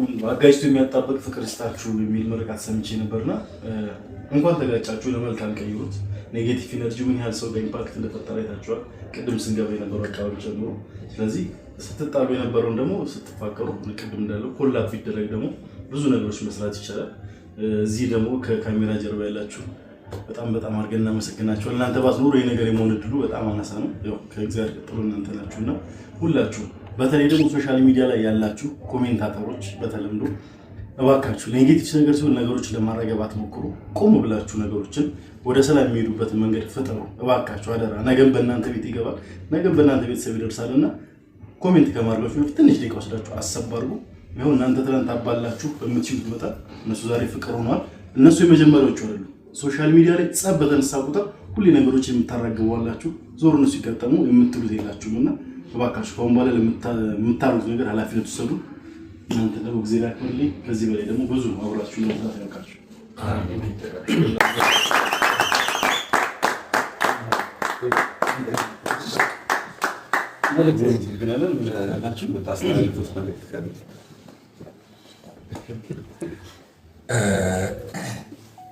በኩል አጋጭቶ የሚያጣበቅ ፍቅር ስታችሁ የሚል ምርቃት ሰምቼ ነበርና እንኳን ተጋጫችሁ ለመልካም ቀይሩት። ኔጌቲቭ ኢነርጂ ምን ያህል ሰው በኢምፓክት እንደፈጠረ አይታችኋል፣ ቅድም ስንገባ የነበሩ አካባቢ ጀምሮ። ስለዚህ ስትጣሉ የነበረውን ደግሞ ስትፋቀሩ፣ ቅድም እንዳለው ኮላፕ ቢደረግ ደግሞ ብዙ ነገሮች መስራት ይቻላል። እዚህ ደግሞ ከካሜራ ጀርባ ያላችሁ በጣም በጣም አድርገን እናመሰግናቸዋል። እናንተ ባትኖሩ ይህ ነገር የመሆን እድሉ በጣም አናሳ ነው። ከእግዚአብሔር ቀጥሎ እናንተ ናችሁና ሁላችሁ፣ በተለይ ደግሞ ሶሻል ሚዲያ ላይ ያላችሁ ኮሜንታተሮች በተለምዶ እባካችሁ ኔጌቲቭ ነገር ሲሆን ነገሮችን ለማረገብ ሞክሩ። ቆም ብላችሁ ነገሮችን ወደ ሰላም የሚሄዱበት መንገድ ፍጥሩ። እባካችሁ አደራ። ነገም በእናንተ ቤት ይገባል፣ ነገም በእናንተ ቤተሰብ ይደርሳል እና ኮሜንት ከማድረጋችሁ በፊት ትንሽ ደቂቃ ወስዳችሁ አሰባርጉ። ይኸው እናንተ ትናንት አባላችሁ በምትችሉት መጠን እነሱ ዛሬ ፍቅር ሆኗል። እነሱ የመጀመሪያዎቹ አይደሉም። ሶሻል ሚዲያ ላይ ጸብ በተነሳ ቁጥር ሁሌ ነገሮች የምታራግበዋላችሁ ዞርን ሲገጠሙ የምትሉት የላችሁም እና እባካችሁ ከአሁን በኋላ የምታሩት ነገር ኃላፊነት ውሰዱ። እናንተ ደግሞ ጊዜ ላክልኝ። ከዚህ በላይ ደግሞ ብዙ አብራችሁ ለመስራት ያውቃችሁ። መልእክት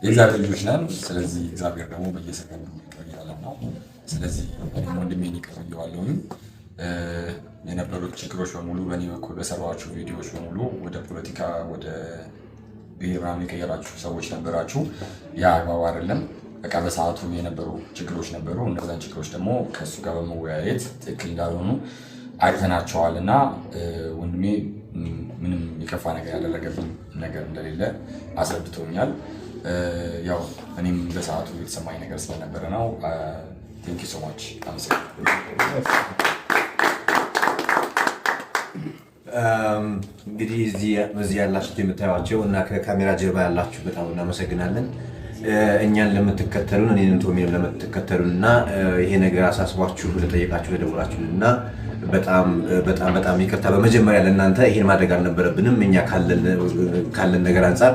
የእግዚአብሔር ልጆች ነን። ስለዚህ እግዚአብሔር ደግሞ በየሰገን ይቀያለ ነው። ስለዚህ ወንድሜ ይቀያዋለሁ የነበሩት ችግሮች በሙሉ በእኔ በኩል በሰሯችሁ ቪዲዮዎች በሙሉ ወደ ፖለቲካ ወደ ብሔር ምናምን የቀየራችሁ ሰዎች ነበራችሁ። ያ አግባብ አይደለም። በቃ በሰዓቱ የነበሩ ችግሮች ነበሩ። እነዛን ችግሮች ደግሞ ከእሱ ጋር በመወያየት ትክክል እንዳልሆኑ አይተናቸዋል እና ወንድሜ ምንም የከፋ ነገር ያደረገብን ነገር እንደሌለ አስረድቶኛል። ያው እኔም በሰዓቱ የተሰማኝ ነገር ስለነበረ ነው። ቴንክ ዩ ሶ ማች እንግዲህ እዚህ ያላችሁት የምታዩቸው እና ከካሜራ ጀርባ ያላችሁ በጣም እናመሰግናለን። እኛን ለምትከተሉን እኔንም ቶሚንም ለምትከተሉን እና ይሄ ነገር አሳስቧችሁ ለጠየቃችሁ ለደውላችሁ እና በጣም በጣም በጣም ይቅርታ በመጀመሪያ ለእናንተ ይሄን ማድረግ አልነበረብንም። እኛ ካለን ነገር አንጻር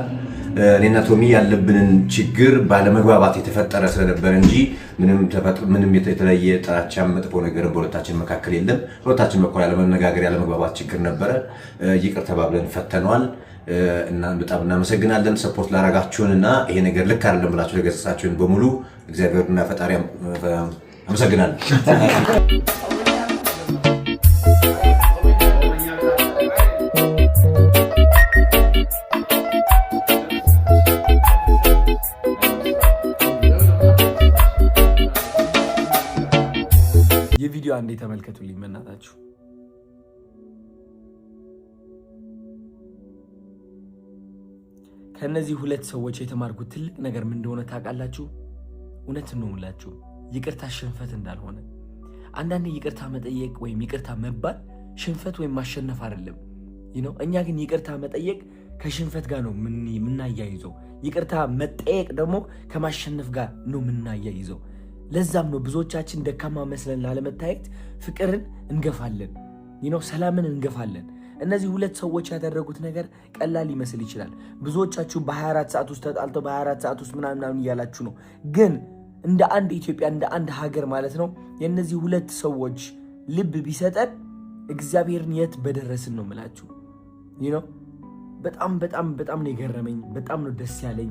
እኔና ቶሚ ያለብንን ችግር ባለመግባባት የተፈጠረ ስለነበረ እንጂ ምንም የተለየ ጥላቻ፣ መጥፎ ነገር በሁለታችን መካከል የለም። ሁለታችን በኩል ያለመነጋገር ያለመግባባት ችግር ነበረ። ይቅር ተባብለን ፈተነዋል። በጣም እናመሰግናለን። ሰፖርት ላረጋችሁን እና ይሄ ነገር ልክ አይደለም ብላችሁ ለገሰጻችሁን በሙሉ እግዚአብሔርና ፈጣሪ አመሰግናለን። የቪዲዮ አንዴ ተመልከቱልኝ መናታችሁ ከእነዚህ ሁለት ሰዎች የተማርኩት ትልቅ ነገር ምን እንደሆነ ታውቃላችሁ? እውነት ነው ይቅርታ ሽንፈት እንዳልሆነ። አንዳንዴ ይቅርታ መጠየቅ ወይም ይቅርታ መባል ሽንፈት ወይም ማሸነፍ አይደለም ነው። እኛ ግን ይቅርታ መጠየቅ ከሽንፈት ጋር ነው የምናያይዘው። ይቅርታ መጠየቅ ደግሞ ከማሸነፍ ጋር ነው የምናያይዘው። ለዛም ነው ብዙዎቻችን ደካማ መስለን ላለመታየት ፍቅርን እንገፋለን ይነው ሰላምን እንገፋለን እነዚህ ሁለት ሰዎች ያደረጉት ነገር ቀላል ሊመስል ይችላል። ብዙዎቻችሁ በ24 ሰዓት ውስጥ ተጣልተው በ24 ሰዓት ውስጥ ምናምን ምናምን እያላችሁ ነው። ግን እንደ አንድ ኢትዮጵያ እንደ አንድ ሀገር ማለት ነው የእነዚህ ሁለት ሰዎች ልብ ቢሰጠን እግዚአብሔርን የት በደረስን ነው ምላችሁ። ይህ ነው በጣም በጣም በጣም ነው የገረመኝ። በጣም ነው ደስ ያለኝ።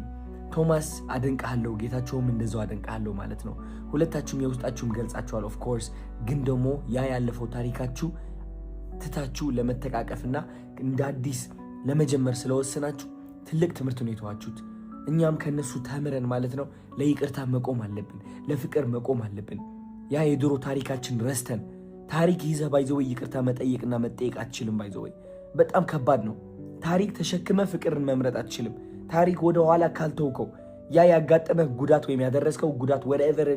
ቶማስ አደንቃለሁ፣ ጌታቸውም እንደዛው አደንቃለሁ ማለት ነው። ሁለታችሁም የውስጣችሁም ገልጻችኋል። ኦፍኮርስ ግን ደግሞ ያ ያለፈው ታሪካችሁ ትታችሁ ለመተቃቀፍና እንደ አዲስ ለመጀመር ስለወሰናችሁ ትልቅ ትምህርት ነው የተዋችሁት። እኛም ከእነሱ ተምረን ማለት ነው ለይቅርታ መቆም አለብን፣ ለፍቅር መቆም አለብን። ያ የድሮ ታሪካችን ረስተን ታሪክ ይዘ ባይዘወይ ይቅርታ መጠየቅና መጠየቅ አትችልም። ባይዘወይ በጣም ከባድ ነው። ታሪክ ተሸክመ ፍቅርን መምረጥ አትችልም። ታሪክ ወደ ኋላ ካልተውከው ያ ያጋጠመ ጉዳት ወይም ያደረስከው ጉዳት ወደ ኤቨር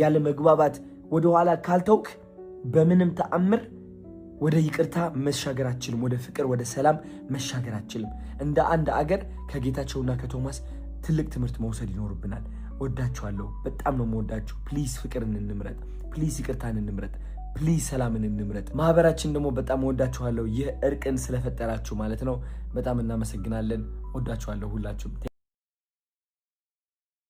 ያለ መግባባት ወደ ኋላ ካልተውክ በምንም ተአምር ወደ ይቅርታ መሻገር አችልም። ወደ ፍቅር፣ ወደ ሰላም መሻገር አችልም። እንደ አንድ አገር ከጌታቸውና ከቶማስ ትልቅ ትምህርት መውሰድ ይኖርብናል። ወዳችኋለሁ። በጣም ነው መወዳችሁ። ፕሊዝ ፍቅርን እንምረጥ። ፕሊዝ ይቅርታን እንምረጥ። ፕሊዝ ሰላምን እንምረጥ። ማህበራችን ደግሞ በጣም ወዳችኋለሁ። ይህ እርቅን ስለፈጠራችሁ ማለት ነው። በጣም እናመሰግናለን። ወዳችኋለሁ ሁላችሁም።